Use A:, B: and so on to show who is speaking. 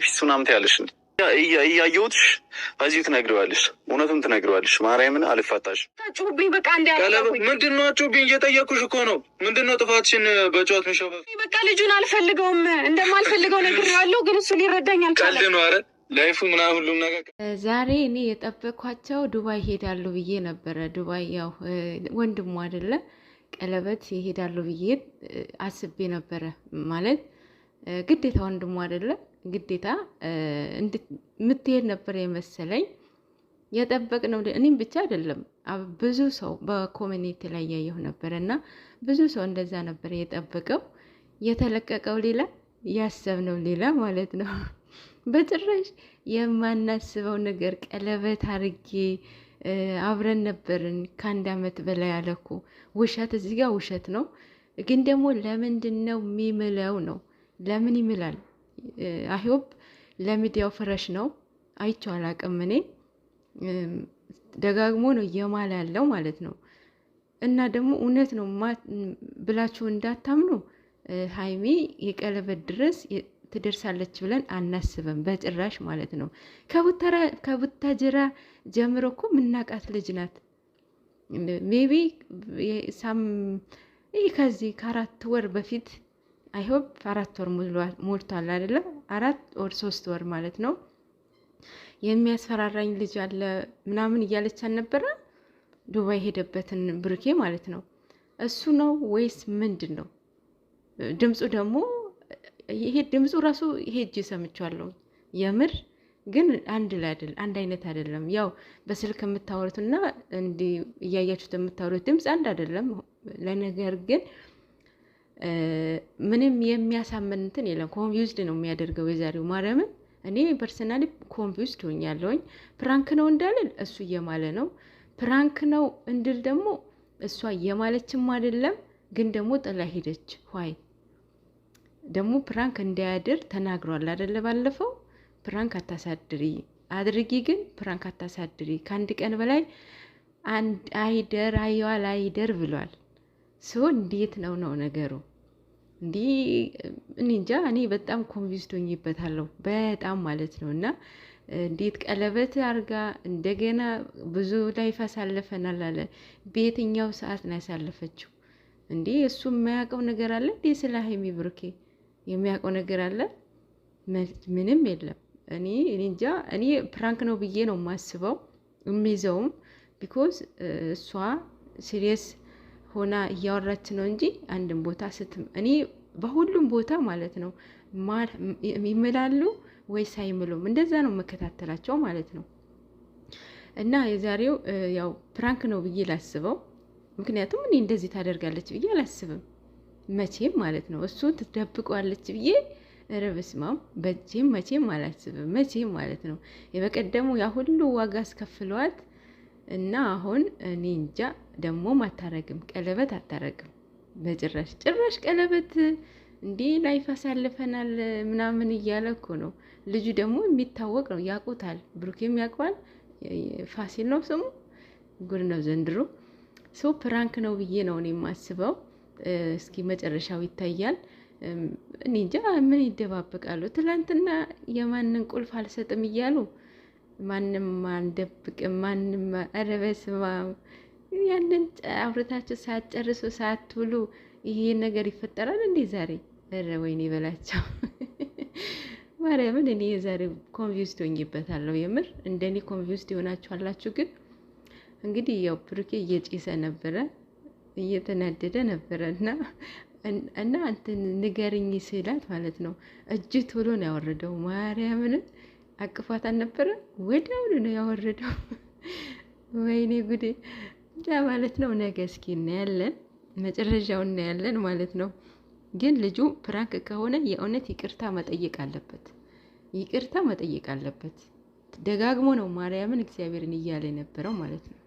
A: በፊት ሱናም ትያለሽ እያየሁትሽ በዚሁ ትነግሪዋለሽ፣ እውነቱም ትነግሪዋለሽ። ማርያምን አልፋታሽ። ምንድን ነው አጩብኝ? እየጠየኩሽ እኮ ነው። ምንድን ነው ጥፋትሽን በጨዋት ምሸበ
B: በቃ ልጁን አልፈልገውም፣ እንደማልፈልገው ነግሬዋለሁ፣ ግን እሱ ሊረዳኝ
A: አልቻለም። ቀልድ ነው አረ ላይፉ ምና ሁሉም ነገር
C: ዛሬ እኔ የጠበኳቸው ዱባይ ሄዳሉ ብዬ ነበረ። ዱባይ ያው ወንድሙ አይደለ ቀለበት ይሄዳሉ ብዬ አስቤ ነበረ። ማለት ግዴታ ወንድሙ አይደለ ግዴታ የምትሄድ ነበር የመሰለኝ የጠበቅ ነው። እኔም ብቻ አይደለም ብዙ ሰው በኮሚኒቲ ላይ ያየሁ ነበር እና ብዙ ሰው እንደዛ ነበር የጠበቀው። የተለቀቀው ሌላ ያሰብነው ሌላ ማለት ነው። በጭራሽ የማናስበው ነገር ቀለበት አርጌ አብረን ነበርን ከአንድ ዓመት በላይ አለኩ። ውሸት እዚህ ጋር ውሸት ነው፣ ግን ደግሞ ለምንድን ነው የሚምለው ነው ለምን ይምላል? አይሆፕ ለሚዲያው ፍረሽ ነው አይቼው አላቅም። እኔ ደጋግሞ ነው እየማለ ያለው ማለት ነው። እና ደግሞ እውነት ነው ብላችሁ እንዳታምኑ ሀይሚ የቀለበት ድረስ ትደርሳለች ብለን አናስብም በጭራሽ ማለት ነው። ከቡታጅራ ጀምሮ እኮ ምናቃት ልጅ ናት። ሜቢ ይህ ከዚህ ከአራት ወር በፊት አይሆፕ አራት ወር ሞልቷል አይደለም፣ አራት ወር ሶስት ወር ማለት ነው። የሚያስፈራራኝ ልጅ አለ ምናምን እያለች አልነበረ? ዱባይ ሄደበትን ብሩኬ ማለት ነው። እሱ ነው ወይስ ምንድን ነው? ድምፁ ደግሞ ይሄ ድምፁ ራሱ ሄጅ ሰምቸዋለሁ። የምር ግን አንድ ላይ አይደል፣ አንድ አይነት አይደለም። ያው በስልክ የምታወሩትና እንዲህ እያያችሁት የምታወሩት ድምፅ አንድ አይደለም። ለነገር ግን ምንም የሚያሳምን እንትን የለም። ኮንፊውዝድ ነው የሚያደርገው የዛሬው ማርያምን። እኔ ፐርሰናሊ ኮንፊውዝድ ሆኛለሁኝ። ፕራንክ ነው እንዳልል እሱ እየማለ ነው፣ ፕራንክ ነው እንድል ደግሞ እሷ እየማለችም አይደለም፣ ግን ደግሞ ጥላ ሄደች። ዋይ ደግሞ ፕራንክ እንዳያድር ተናግሯል አደለ? ባለፈው ፕራንክ አታሳድሪ አድርጊ፣ ግን ፕራንክ አታሳድሪ ከአንድ ቀን በላይ አይደር አየዋል አይደር ብሏል። ሰው እንዴት ነው ነው ነገሩ? እንዲ እንጃ እኔ በጣም ኮንቪንስድ ሆኜበታለሁ በጣም ማለት ነው። እና እንዴት ቀለበት አርጋ እንደገና ብዙ ላይፍ አሳልፈናል አለ። በየትኛው ሰዓት ነው ያሳለፈችው? እንዴ እሱ የማያውቀው ነገር አለ እንዴ? ስለ ሀይሚ ብሩኬ የሚያውቀው ነገር አለ? ምንም የለም። እኔ እንጃ እኔ ፕራንክ ነው ብዬ ነው የማስበው የሚይዘውም ቢኮዝ እሷ ሲሪየስ ሆና እያወራች ነው እንጂ አንድም ቦታ ስትም እኔ በሁሉም ቦታ ማለት ነው ይምላሉ ወይስ አይምሉም? እንደዛ ነው መከታተላቸው ማለት ነው። እና የዛሬው ያው ፕራንክ ነው ብዬ ላስበው፣ ምክንያቱም እኔ እንደዚህ ታደርጋለች ብዬ አላስብም መቼም ማለት ነው። እሱ ትደብቋለች ብዬ ኧረ በቼም መቼም አላስብም መቼም ማለት ነው። የበቀደሙ ያ ሁሉ ዋጋ አስከፍለዋት እና አሁን እኔ እንጃ ደግሞም አታረግም፣ ቀለበት አታረግም በጭራሽ። ጭራሽ ቀለበት እንዲህ ላይፍ አሳልፈናል ምናምን እያለ እኮ ነው። ልጁ ደግሞ የሚታወቅ ነው፣ ያውቁታል። ብሩኬም ያውቀዋል። ፋሲል ነው ስሙ። ጉድ ነው ዘንድሮ። ሰው ፕራንክ ነው ብዬ ነው እኔ የማስበው። እስኪ መጨረሻው ይታያል። እኔ እንጃ ምን ይደባበቃሉ? ትላንትና የማንን ቁልፍ አልሰጥም እያሉ ማንም አልደብቅም ማንም ኧረ ያንን አውርታችሁ ሳትጨርሱ ሳትውሉ ይሄ ነገር ይፈጠራል እንዴ ዛሬ? እረ ወይኔ ይበላቸው ማርያምን። እኔ የዛሬ ኮንቪውስድ ሆኜበታለሁ። የምር እንደኔ ኮንቪውስድ የሆናችሁ ግን እንግዲህ ያው ብሩኬ እየጨሰ ነበረ እየተናደደ ነበረ እና እና እንትን ንገርኝ ስላት ማለት ነው እጅ ቶሎ ነው ያወረደው። ማርያምን አቅፏት አልነበረ ወዲያውኑ ነው ያወረደው። ወይኔ ጉዴ እንጃ ማለት ነው። ነገ እስኪ እናያለን፣ መጨረሻው እናያለን ማለት ነው። ግን ልጁ ፕራንክ ከሆነ የእውነት ይቅርታ መጠየቅ አለበት፣ ይቅርታ መጠየቅ አለበት። ደጋግሞ ነው ማርያምን እግዚአብሔርን እያለ የነበረው ማለት ነው።